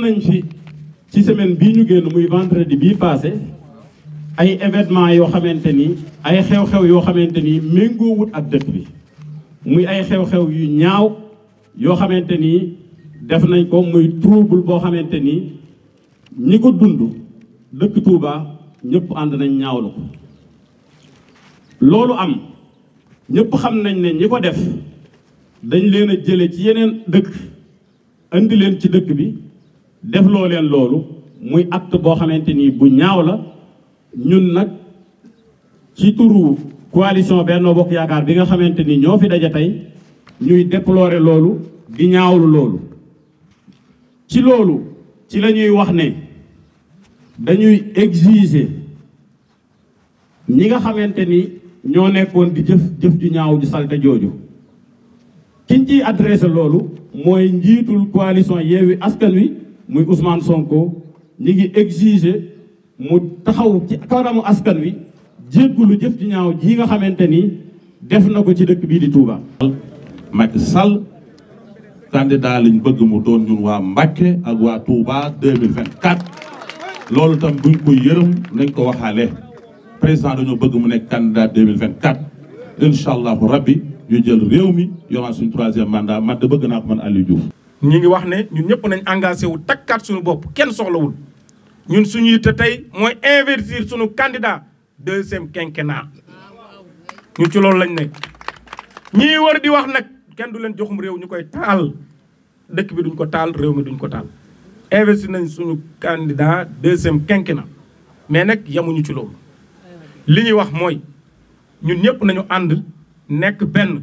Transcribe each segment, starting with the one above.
nañ fi ci semaine bii ñu génn muy vendredi bii passé ay événement yoo xamante ni ay xew-xew yoo xamante ni méngoowut ak dëkk bi muy ay xew-xew yu ñaaw yoo xamante ni def nañ ko muy trouble boo xamante ni ñi ko dund dëkk Touba ñëpp ànd nañ ñaawlu ko loolu am ñëpp xam nañ ne ñi ko def dañ leen a jële ci yeneen dëkk indi leen ci dëkk bi def loo leen loolu muy acte boo xamante ni bu ñaaw la ñun nag ci turu coalition Benno Bokk Yaakaar bi nga xamante ni ñoo fi daje tey ñuy déplorer loolu di ñaawlu loolu ci loolu ci la ñuy wax ne dañuy exiger ñi nga xamante ni ñoo nekkoon di jëf jëf ju ñaaw di salte jooju kiñ ciy adressé loolu mooy njiitul coalition Yewwi Askan Wi muy Ousmane Sonko ñi ngi exiger mu taxaw ci kanamu askan wi jéggulu jëf ci ñaaw ji nga xamante ni def na ko ci dëkk bii di Touba. Macky Sall candidat lañ bëgg mu doon ñun waa Mbacké ak waa Touba 2024 loolu tam buñ ko yërëm nañ ko waxaale président dañoo bëgg mu nekk candidat 2024 incha allahu rabbi ñu jël réew mi yoraat suñu troisième mandat man de bëgg naa ko man Aliou Diouf. ñu ngi wax ne ñun ñëpp nañ engagé wu takkaat suñu bopp kenn soxlawul ñun suñu yitte tey mooy investir suñu candidat deuxième quinquennat ñu ci loolu lañ nekk ñii war di wax nag kenn du leen joxum réew ñu koy taal dëkk bi duñ ko taal réew mi duñ ko taal investir nañ suñu candidat deuxième quinquennat mais nag yemuñu ci loolu li ñuy wax mooy ñun ñëpp nañu ànd nekk benn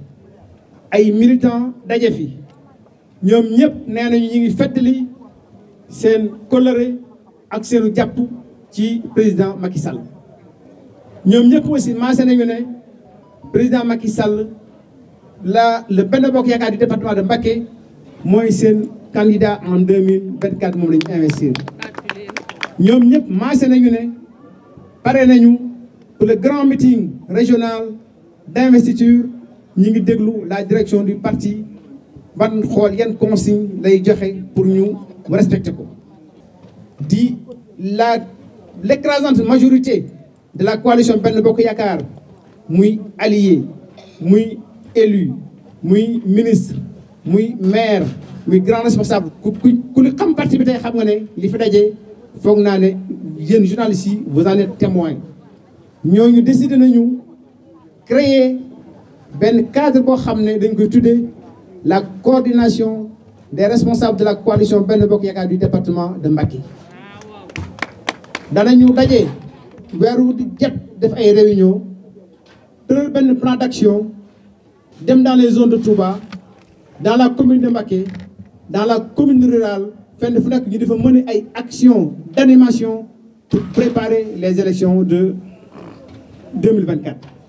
ay militants dajé fi ñom ñëpp nee ñi ngi fàttali seen coloré ak japp ci président Macky Sall. ñom ñëpp aussi maase nañu né président Macky Sall la le Benno Bokk du département de Mbacké moy seen candidat en 2024 pour investir. Nous ñëpp maase nañu né paré nañu pour le grand meeting régional d'investiture nous ngi déglu la direction du parti ban xool yan consigne lay pour nous respecter ko di la l'écrasante majorité de la coalition Benno Bokk Yakar, muy allié muy élu muy ministre muy maire muy grand responsable ku ku xam parti bi tey xam nga nous li fi dajee journalistes vous en êtes nous avons décidé nañu créer ben cadre bo xamné dañ koy la coordination des responsables de la coalition Ben bok du département de Mbacké Dans dajé wéru di jet def ay réunion fait Ben plan d'action dans les zones de Touba dans la commune de Mbacké dans la commune rurale fenn fu nek ñu mener ay actions d'animation pour préparer les élections de 2024